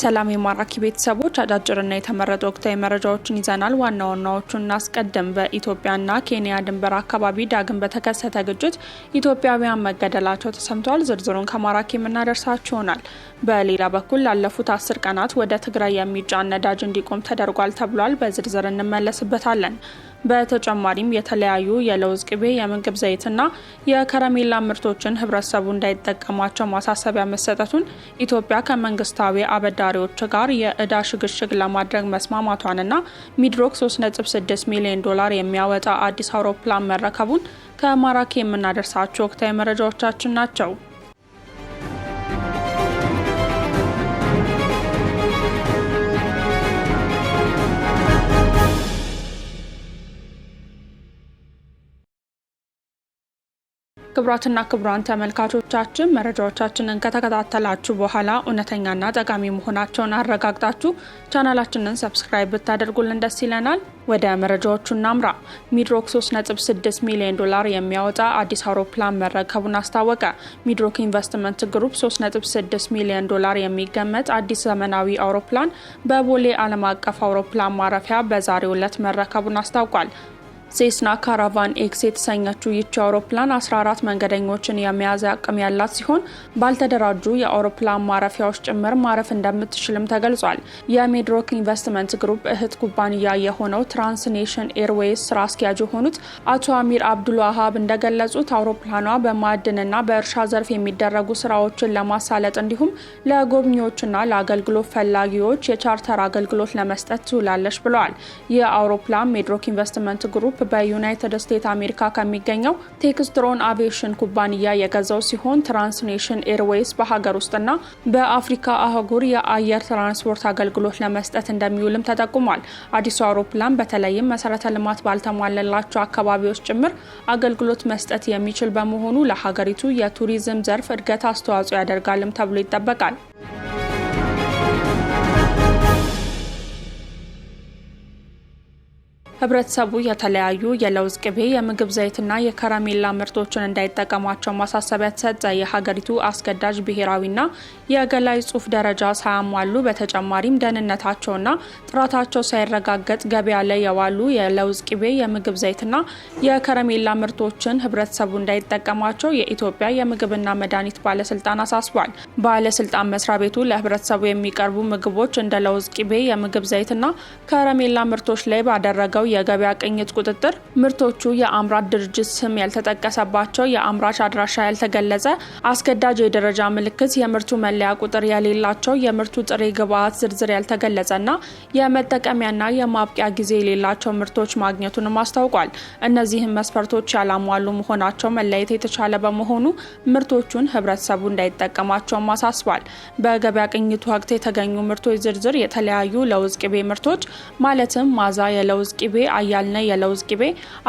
ሰላም የማራኪ ቤተሰቦች፣ አጫጭርና የተመረጡ ወቅታዊ መረጃዎችን ይዘናል። ዋና ዋናዎቹን እናስቀድም። በኢትዮጵያና ኬንያ ድንበር አካባቢ ዳግም በተከሰተ ግጭት ኢትዮጵያውያን መገደላቸው ተሰምተዋል። ዝርዝሩን ከማራኪ የምናደርሳችሁ ይሆናል። በሌላ በኩል ላለፉት አስር ቀናት ወደ ትግራይ የሚጫን ነዳጅ እንዲቆም ተደርጓል ተብሏል። በዝርዝር እንመለስበታለን። በተጨማሪም የተለያዩ የለውዝ ቅቤ፣ የምግብ ዘይትና የከረሜላ ምርቶችን ህብረተሰቡ እንዳይጠቀማቸው ማሳሰቢያ መሰጠቱን ኢትዮጵያ ከመንግስታዊ አበዳሪዎች ጋር የእዳ ሽግሽግ ለማድረግ መስማማቷንና ሚድሮክ 3.6 ሚሊዮን ዶላር የሚያወጣ አዲስ አውሮፕላን መረከቡን ከማራኪ የምናደርሳቸው ወቅታዊ መረጃዎቻችን ናቸው። ክቡራትና ክቡራን ተመልካቾቻችን መረጃዎቻችንን ከተከታተላችሁ በኋላ እውነተኛና ጠቃሚ መሆናቸውን አረጋግጣችሁ ቻናላችንን ሰብስክራይብ ብታደርጉልን ደስ ይለናል። ወደ መረጃዎቹ እናምራ። ሚድሮክ 3.6 ሚሊዮን ዶላር የሚያወጣ አዲስ አውሮፕላን መረከቡን አስታወቀ። ሚድሮክ ኢንቨስትመንት ግሩፕ 3.6 ሚሊዮን ዶላር የሚገመት አዲስ ዘመናዊ አውሮፕላን በቦሌ ዓለም አቀፍ አውሮፕላን ማረፊያ በዛሬው ዕለት መረከቡን አስታውቋል። ሴስና ካራቫን ኤክስ የተሰኘችው ይቺ አውሮፕላን 14 መንገደኞችን የመያዝ አቅም ያላት ሲሆን ባልተደራጁ የአውሮፕላን ማረፊያዎች ጭምር ማረፍ እንደምትችልም ተገልጿል። የሜድሮክ ኢንቨስትመንት ግሩፕ እህት ኩባንያ የሆነው ትራንስኔሽን ኤርዌይስ ስራ አስኪያጅ የሆኑት አቶ አሚር አብዱልዋሃብ እንደገለጹት አውሮፕላኗ በማዕድንና በእርሻ ዘርፍ የሚደረጉ ስራዎችን ለማሳለጥ እንዲሁም ለጎብኚዎችና ለአገልግሎት ፈላጊዎች የቻርተር አገልግሎት ለመስጠት ትውላለች ብለዋል። የአውሮፕላን ሜድሮክ ኢንቨስትመንት ግሩፕ በዩናይትድ ስቴትስ አሜሪካ ከሚገኘው ቴክስትሮን አቪዬሽን ኩባንያ የገዛው ሲሆን ትራንስኔሽን ኤርዌይስ በሀገር ውስጥና በአፍሪካ አህጉር የአየር ትራንስፖርት አገልግሎት ለመስጠት እንደሚውልም ተጠቁሟል። አዲሱ አውሮፕላን በተለይም መሰረተ ልማት ባልተሟለላቸው አካባቢዎች ጭምር አገልግሎት መስጠት የሚችል በመሆኑ ለሀገሪቱ የቱሪዝም ዘርፍ እድገት አስተዋጽኦ ያደርጋልም ተብሎ ይጠበቃል። ህብረተሰቡ የተለያዩ የለውዝ ቅቤ፣ የምግብ ዘይትና የከረሜላ ምርቶችን እንዳይጠቀሟቸው ማሳሰቢያ ተሰጠ። የሀገሪቱ አስገዳጅ ብሔራዊና የገላይ ጽሑፍ ደረጃ ሳያሟሉ በተጨማሪም ደህንነታቸውና ጥራታቸው ሳይረጋገጥ ገበያ ላይ የዋሉ የለውዝ ቅቤ፣ የምግብ ዘይትና የከረሜላ ምርቶችን ህብረተሰቡ እንዳይጠቀሟቸው የኢትዮጵያ የምግብና መድኃኒት ባለስልጣን አሳስቧል። ባለስልጣን መስሪያ ቤቱ ለህብረተሰቡ የሚቀርቡ ምግቦች እንደ ለውዝ ቅቤ፣ የምግብ ዘይትና ከረሜላ ምርቶች ላይ ባደረገው የገበያ ቅኝት ቁጥጥር ምርቶቹ የአምራች ድርጅት ስም ያልተጠቀሰባቸው፣ የአምራች አድራሻ ያልተገለጸ፣ አስገዳጅ የደረጃ ምልክት፣ የምርቱ መለያ ቁጥር የሌላቸው የምርቱ ጥሬ ግብዓት ዝርዝር ያልተገለጸና የመጠቀሚያና የማብቂያ ጊዜ የሌላቸው ምርቶች ማግኘቱንም አስታውቋል። እነዚህም መስፈርቶች ያላሟሉ መሆናቸው መለየት የተቻለ በመሆኑ ምርቶቹን ህብረተሰቡ እንዳይጠቀማቸውም አሳስቧል። በገበያ ቅኝቱ ወቅት የተገኙ ምርቶች ዝርዝር የተለያዩ ለውዝ ቅቤ ምርቶች ማለትም ማዛ፣ የለውዝ ቅቤ ቅቤ፣ አያልነ የለውዝ ቅቤ፣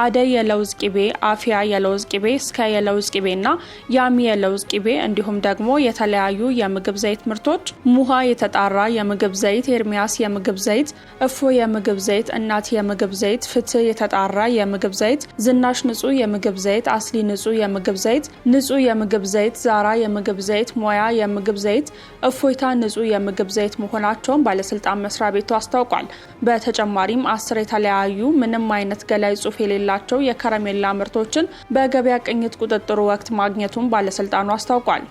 አደይ የለውዝ ቅቤ፣ አፊያ የለውዝ ቅቤ፣ እስከ የለውዝ ና ያሚ የለውዝ ቅቤ እንዲሁም ደግሞ የተለያዩ የምግብ ዘይት ምርቶች ሙሃ የተጣራ የምግብ ዘይት፣ ኤርሚያስ የምግብ ዘይት፣ እፎ የምግብ ዘይት፣ እናት የምግብ ዘይት፣ ፍትህ የተጣራ የምግብ ዘይት፣ ዝናሽ ንጹህ የምግብ ዘይት፣ አስሊ ንጹህ የምግብ ዘይት፣ ንጹህ የምግብ ዘይት፣ ዛራ የምግብ ዘይት፣ ሞያ የምግብ ዘይት፣ እፎይታ ንጹህ የምግብ ዘይት መሆናቸውን ባለስልጣን መስሪያ ቤቱ አስታውቋል። በተጨማሪም አስር የተለያዩ የተለያዩ ምንም አይነት ገላይ ጽሑፍ የሌላቸው የከረሜላ ምርቶችን በገበያ ቅኝት ቁጥጥሩ ወቅት ማግኘቱን ባለስልጣኑ አስታውቋል።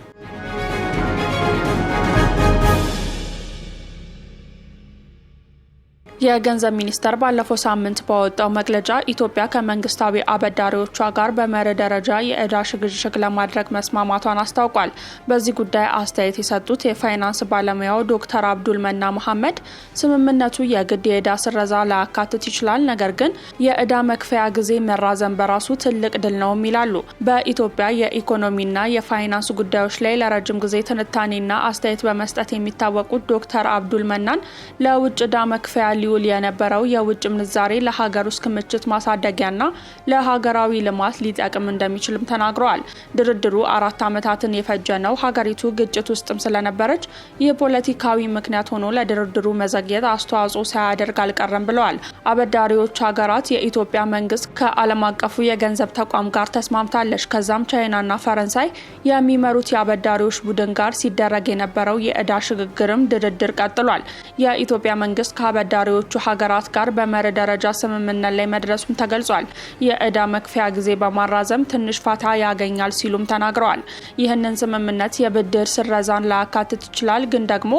የገንዘብ ሚኒስቴር ባለፈው ሳምንት ባወጣው መግለጫ ኢትዮጵያ ከመንግስታዊ አበዳሪዎቿ ጋር በመርህ ደረጃ የእዳ ሽግሽግ ለማድረግ መስማማቷን አስታውቋል። በዚህ ጉዳይ አስተያየት የሰጡት የፋይናንስ ባለሙያው ዶክተር አብዱል መና መሐመድ ስምምነቱ የግድ የእዳ ስረዛ ላያካትት ይችላል፣ ነገር ግን የእዳ መክፈያ ጊዜ መራዘን በራሱ ትልቅ ድል ነውም ይላሉ። በኢትዮጵያ የኢኮኖሚና የፋይናንስ ጉዳዮች ላይ ለረጅም ጊዜ ትንታኔና አስተያየት በመስጠት የሚታወቁት ዶክተር አብዱል መናን ለውጭ እዳ መክፈያ ሊው ይውል የነበረው የውጭ ምንዛሬ ለሀገር ውስጥ ክምችት ማሳደጊያና ለሀገራዊ ልማት ሊጠቅም እንደሚችልም ተናግረዋል። ድርድሩ አራት ዓመታትን የፈጀ ነው። ሀገሪቱ ግጭት ውስጥም ስለነበረች ይህ ፖለቲካዊ ምክንያት ሆኖ ለድርድሩ መዘግየት አስተዋጽኦ ሳያደርግ አልቀረም ብለዋል። አበዳሪዎች ሀገራት የኢትዮጵያ መንግስት ከዓለም አቀፉ የገንዘብ ተቋም ጋር ተስማምታለች። ከዛም ቻይናና ፈረንሳይ የሚመሩት የአበዳሪዎች ቡድን ጋር ሲደረግ የነበረው የእዳ ሽግግርም ድርድር ቀጥሏል። የኢትዮጵያ መንግስት ከአበዳሪዎች ከሌሎቹ ሀገራት ጋር በመርህ ደረጃ ስምምነት ላይ መድረሱም ተገልጿል። የእዳ መክፈያ ጊዜ በማራዘም ትንሽ ፋታ ያገኛል ሲሉም ተናግረዋል። ይህንን ስምምነት የብድር ስረዛን ላያካትት ይችላል፣ ግን ደግሞ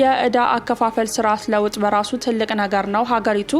የእዳ አከፋፈል ስርዓት ለውጥ በራሱ ትልቅ ነገር ነው። ሀገሪቱ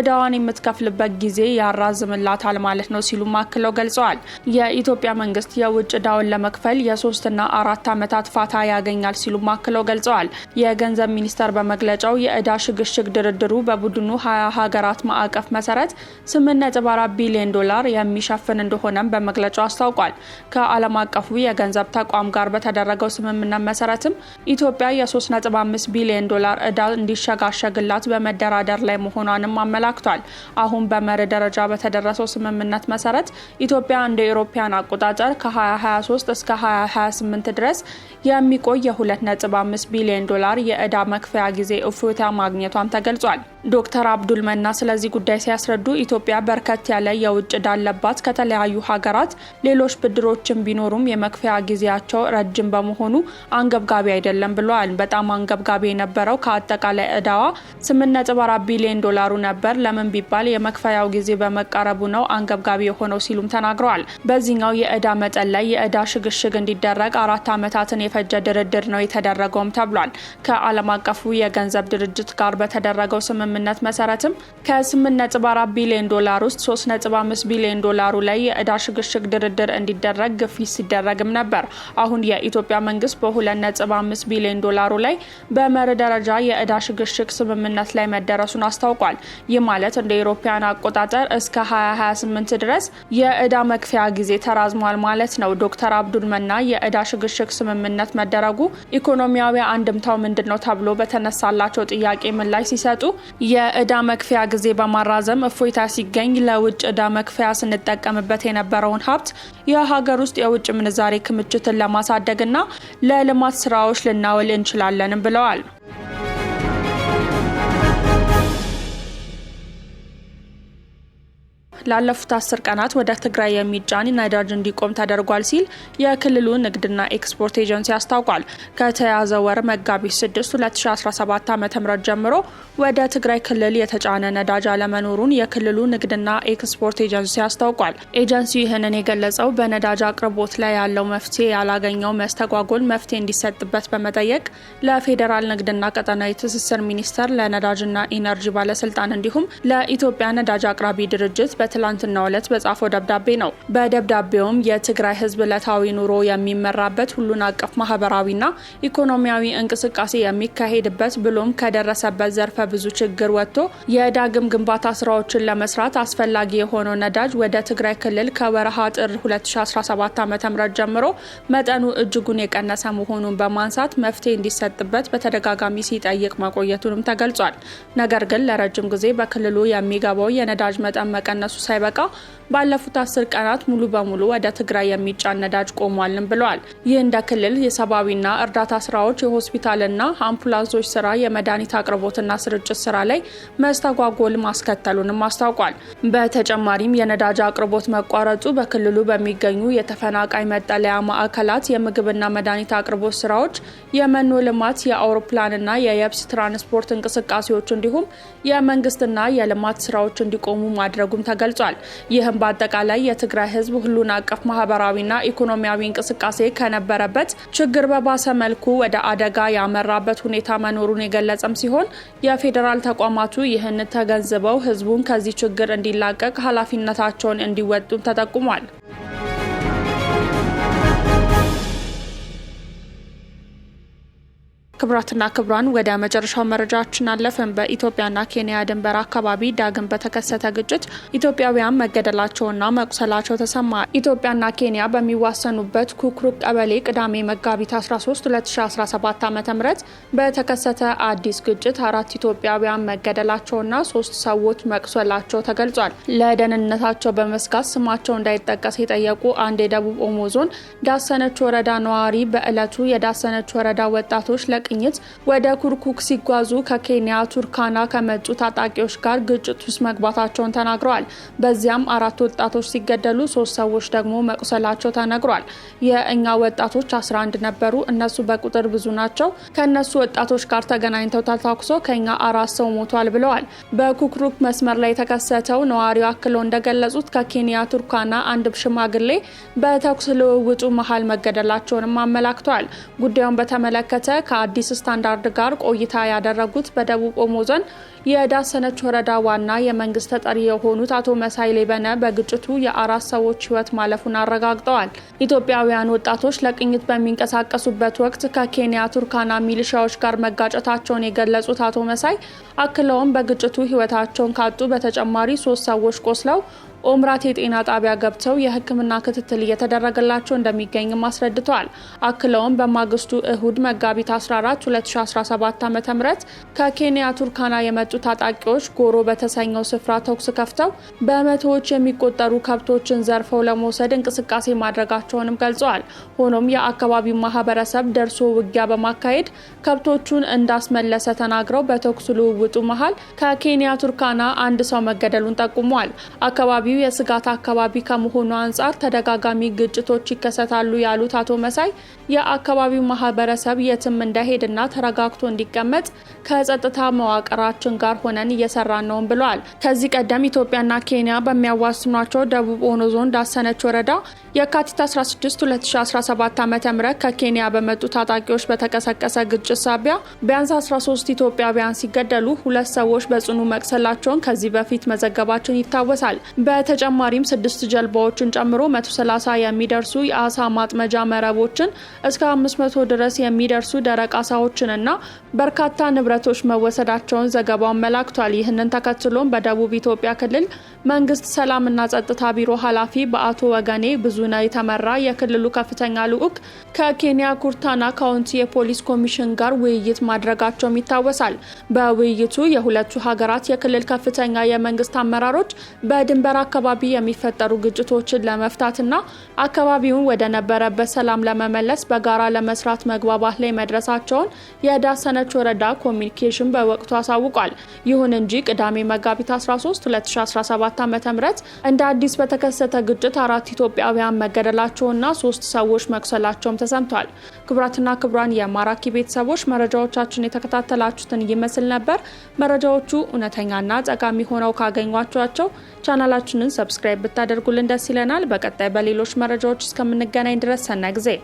እዳዋን የምትከፍልበት ጊዜ ያራዝምላታል ማለት ነው ሲሉም አክለው ገልጸዋል። የኢትዮጵያ መንግስት የውጭ እዳውን ለመክፈል የሶስትና አራት ዓመታት ፋታ ያገኛል ሲሉም አክለው ገልጸዋል። የገንዘብ ሚኒስቴር በመግለጫው የእዳ ሽግሽግ ድርድሩ ሀገሩ በቡድኑ 20 ሀገራት ማዕቀፍ መሰረት 8.4 ቢሊዮን ዶላር የሚሸፍን እንደሆነም በመግለጫው አስታውቋል። ከዓለም አቀፉ የገንዘብ ተቋም ጋር በተደረገው ስምምነት መሰረትም ኢትዮጵያ የ3.5 ቢሊዮን ዶላር እዳ እንዲሸጋሸግላት በመደራደር ላይ መሆኗንም አመላክቷል። አሁን በመርህ ደረጃ በተደረሰው ስምምነት መሰረት ኢትዮጵያ እንደ አውሮፓውያን አቆጣጠር ከ2023 እስከ 2028 ድረስ የሚቆይ የ2.5 ቢሊዮን ዶላር የእዳ መክፈያ ጊዜ እፎይታ ማግኘቷም ተገልጿል። ዶክተር አብዱል መና ስለዚህ ጉዳይ ሲያስረዱ ኢትዮጵያ በርከት ያለ የውጭ ዕዳ አለባት። ከተለያዩ ሀገራት ሌሎች ብድሮችን ቢኖሩም የመክፈያ ጊዜያቸው ረጅም በመሆኑ አንገብጋቢ አይደለም ብለዋል። በጣም አንገብጋቢ የነበረው ከአጠቃላይ ዕዳዋ 8.4 ቢሊዮን ዶላሩ ነበር። ለምን ቢባል የመክፈያው ጊዜ በመቃረቡ ነው አንገብጋቢ የሆነው ሲሉም ተናግረዋል። በዚህኛው የዕዳ መጠን ላይ የዕዳ ሽግሽግ እንዲደረግ አራት ዓመታትን የፈጀ ድርድር ነው የተደረገውም ተብሏል። ከዓለም አቀፉ የገንዘብ ድርጅት ጋር በተደረገው ስምምነት መሰረትም ከ8.4 ቢሊዮን ዶላር ውስጥ 3.5 ቢሊዮን ዶላሩ ላይ የእዳ ሽግሽግ ድርድር እንዲደረግ ግፊት ሲደረግም ነበር። አሁን የኢትዮጵያ መንግስት በ2.5 ቢሊዮን ዶላሩ ላይ በመር ደረጃ የእዳ ሽግሽግ ስምምነት ላይ መደረሱን አስታውቋል። ይህ ማለት እንደ ኢሮፓያን አቆጣጠር እስከ 2028 ድረስ የእዳ መክፈያ ጊዜ ተራዝሟል ማለት ነው። ዶክተር አብዱል መና የእዳ ሽግሽግ ስምምነት መደረጉ ኢኮኖሚያዊ አንድምታው ምንድን ነው ተብሎ በተነሳላቸው ጥያቄ ምላሽ ሲሰጡ የእዳ መክፈያ ጊዜ በማራዘም እፎይታ ሲገኝ ለውጭ እዳ መክፈያ ስንጠቀምበት የነበረውን ሀብት የሀገር ውስጥ የውጭ ምንዛሬ ክምችትን ለማሳደግና ለልማት ስራዎች ልናውል እንችላለን ብለዋል። ላለፉት አስር ቀናት ወደ ትግራይ የሚጫን ነዳጅ እንዲቆም ተደርጓል ሲል የክልሉ ንግድና ኤክስፖርት ኤጀንሲ አስታውቋል። ከተያዘ ወር መጋቢት 6 2017 ዓ ም ጀምሮ ወደ ትግራይ ክልል የተጫነ ነዳጅ አለመኖሩን የክልሉ ንግድና ኤክስፖርት ኤጀንሲ አስታውቋል። ኤጀንሲው ይህንን የገለጸው በነዳጅ አቅርቦት ላይ ያለው መፍትሄ ያላገኘው መስተጓጎል መፍትሄ እንዲሰጥበት በመጠየቅ ለፌዴራል ንግድና ቀጠናዊ ትስስር ሚኒስቴር፣ ለነዳጅና ኢነርጂ ባለስልጣን እንዲሁም ለኢትዮጵያ ነዳጅ አቅራቢ ድርጅት በትላንትናው ዕለት በጻፈው ደብዳቤ ነው። በደብዳቤውም የትግራይ ህዝብ ዕለታዊ ኑሮ የሚመራበት ሁሉን አቀፍ ማህበራዊና ኢኮኖሚያዊ እንቅስቃሴ የሚካሄድበት ብሎም ከደረሰበት ዘርፈ ብዙ ችግር ወጥቶ የዳግም ግንባታ ስራዎችን ለመስራት አስፈላጊ የሆነው ነዳጅ ወደ ትግራይ ክልል ከወረሃ ጥር 2017 ዓ ም ጀምሮ መጠኑ እጅጉን የቀነሰ መሆኑን በማንሳት መፍትሄ እንዲሰጥበት በተደጋጋሚ ሲጠይቅ መቆየቱንም ተገልጿል። ነገር ግን ለረጅም ጊዜ በክልሉ የሚገባው የነዳጅ መጠን መቀነሱ ሳይበቃ ባለፉት አስር ቀናት ሙሉ በሙሉ ወደ ትግራይ የሚጫን ነዳጅ ቆሟልን ብለዋል። ይህ እንደ ክልል የሰብአዊና እርዳታ ስራዎች፣ የሆስፒታልና አምቡላንሶች ስራ፣ የመድኃኒት አቅርቦትና ስርጭት ስራ ላይ መስተጓጎል ማስከተሉንም አስታውቋል። በተጨማሪም የነዳጅ አቅርቦት መቋረጡ በክልሉ በሚገኙ የተፈናቃይ መጠለያ ማዕከላት የምግብና መድኃኒት አቅርቦት ስራዎች፣ የመኖ ልማት፣ የአውሮፕላንና የየብስ ትራንስፖርት እንቅስቃሴዎች እንዲሁም የመንግስትና የልማት ስራዎች እንዲቆሙ ማድረጉም ተገልጿል። ገልጿል። ይህም በአጠቃላይ የትግራይ ህዝብ ሁሉን አቀፍ ማህበራዊና ኢኮኖሚያዊ እንቅስቃሴ ከነበረበት ችግር በባሰ መልኩ ወደ አደጋ ያመራበት ሁኔታ መኖሩን የገለጸም ሲሆን የፌዴራል ተቋማቱ ይህን ተገንዝበው ህዝቡን ከዚህ ችግር እንዲላቀቅ ኃላፊነታቸውን እንዲወጡም ተጠቁሟል። ክብራትና ክብሯን ወደ መጨረሻው መረጃችን አለፍን። በኢትዮጵያና ኬንያ ድንበር አካባቢ ዳግም በተከሰተ ግጭት ኢትዮጵያውያን መገደላቸውና መቁሰላቸው ተሰማ። ኢትዮጵያና ኬንያ በሚዋሰኑበት ኩክሩክ ቀበሌ ቅዳሜ መጋቢት 13 2017 ዓ.ም በተከሰተ አዲስ ግጭት አራት ኢትዮጵያውያን መገደላቸውና ሶስት ሰዎች መቁሰላቸው ተገልጿል። ለደህንነታቸው በመስጋት ስማቸው እንዳይጠቀስ የጠየቁ አንድ የደቡብ ኦሞ ዞን ዳሰነች ወረዳ ነዋሪ በዕለቱ የዳሰነች ወረዳ ወጣቶች ለ ለቅኝት ወደ ኩርኩክ ሲጓዙ ከኬንያ ቱርካና ከመጡ ታጣቂዎች ጋር ግጭት ውስጥ መግባታቸውን ተናግረዋል። በዚያም አራት ወጣቶች ሲገደሉ ሶስት ሰዎች ደግሞ መቁሰላቸው ተነግሯል። የእኛ ወጣቶች 11 ነበሩ፣ እነሱ በቁጥር ብዙ ናቸው። ከእነሱ ወጣቶች ጋር ተገናኝተው ተታኩሶ ከኛ አራት ሰው ሞቷል ብለዋል። በኩክሩክ መስመር ላይ የተከሰተው ነዋሪው አክለው እንደገለጹት ከኬንያ ቱርካና አንድ ሽማግሌ በተኩስ ልውውጡ መሀል መገደላቸውንም አመላክተዋል። ጉዳዩን በተመለከተ ከአ ከአዲስ ስታንዳርድ ጋር ቆይታ ያደረጉት በደቡብ ኦሞ ዞን የዳሰነች ወረዳ ዋና የመንግስት ተጠሪ የሆኑት አቶ መሳይ ሌበነ በግጭቱ የአራት ሰዎች ሕይወት ማለፉን አረጋግጠዋል። ኢትዮጵያውያን ወጣቶች ለቅኝት በሚንቀሳቀሱበት ወቅት ከኬንያ ቱርካና ሚሊሻዎች ጋር መጋጨታቸውን የገለጹት አቶ መሳይ አክለውም በግጭቱ ሕይወታቸውን ካጡ በተጨማሪ ሶስት ሰዎች ቆስለው ኦምራት የጤና ጣቢያ ገብተው የሕክምና ክትትል እየተደረገላቸው እንደሚገኝም አስረድተዋል። አክለውም በማግስቱ እሁድ መጋቢት 14 2017 ዓ ም ከኬንያ ቱርካና የመጡ ታጣቂዎች ጎሮ በተሰኘው ስፍራ ተኩስ ከፍተው በመቶዎች የሚቆጠሩ ከብቶችን ዘርፈው ለመውሰድ እንቅስቃሴ ማድረጋቸውንም ገልጸዋል። ሆኖም የአካባቢው ማህበረሰብ ደርሶ ውጊያ በማካሄድ ከብቶቹን እንዳስመለሰ ተናግረው በተኩስ ልውውጡ መሀል ከኬንያ ቱርካና አንድ ሰው መገደሉን ጠቁመዋል። አካባቢው አካባቢው የስጋት አካባቢ ከመሆኑ አንጻር ተደጋጋሚ ግጭቶች ይከሰታሉ ያሉት አቶ መሳይ የአካባቢው ማህበረሰብ የትም እንዳይሄድና ተረጋግቶ እንዲቀመጥ ከጸጥታ መዋቅራችን ጋር ሆነን እየሰራን ነውም ብለዋል። ከዚህ ቀደም ኢትዮጵያና ኬንያ በሚያዋስኗቸው ደቡብ ኦኖ ዞን ዳሰነች ወረዳ የካቲት 16 2017 ዓ ም ከኬንያ በመጡ ታጣቂዎች በተቀሰቀሰ ግጭት ሳቢያ ቢያንስ 13 ኢትዮጵያውያን ሲገደሉ ሁለት ሰዎች በጽኑ መቅሰላቸውን ከዚህ በፊት መዘገባችን ይታወሳል። በተጨማሪም ስድስት ጀልባዎችን ጨምሮ 130 የሚደርሱ የአሳ ማጥመጃ መረቦችን እስከ 500 ድረስ የሚደርሱ ደረቅ አሳዎችንና በርካታ ንብረቶች መወሰዳቸውን ዘገባው አመላክቷል። ይህንን ተከትሎም በደቡብ ኢትዮጵያ ክልል መንግስት ሰላምና ጸጥታ ቢሮ ኃላፊ በአቶ ወገኔ ብዙነ የተመራ የክልሉ ከፍተኛ ልዑክ ከኬንያ ኩርታና ካውንቲ የፖሊስ ኮሚሽን ጋር ውይይት ማድረጋቸውም ይታወሳል። በውይይቱ የሁለቱ ሀገራት የክልል ከፍተኛ የመንግስት አመራሮች በድንበር አካባቢ የሚፈጠሩ ግጭቶችን ለመፍታትና አካባቢውን ወደ ነበረበት ሰላም ለመመለስ በጋራ ለመስራት መግባባት ላይ መድረሳቸውን የዳሰነች ወረዳ ኮሚኒኬሽን በወቅቱ አሳውቋል። ይሁን እንጂ ቅዳሜ መጋቢት 13 2017 ዓ ም እንደ አዲስ በተከሰተ ግጭት አራት ኢትዮጵያውያን መገደላቸውና ሶስት ሰዎች መቁሰላቸውም ተሰምቷል። ክቡራትና ክቡራን የማራኪ ቤተሰቦች መረጃዎቻችን የተከታተላችሁትን ይመስል ነበር። መረጃዎቹ እውነተኛና ጠቃሚ ሆነው ካገኟቸኋቸው ቻናላችንን ሰብስክራይብ ብታደርጉልን ደስ ይለናል። በቀጣይ በሌሎች መረጃዎች እስከምንገናኝ ድረስ ሰና ጊዜ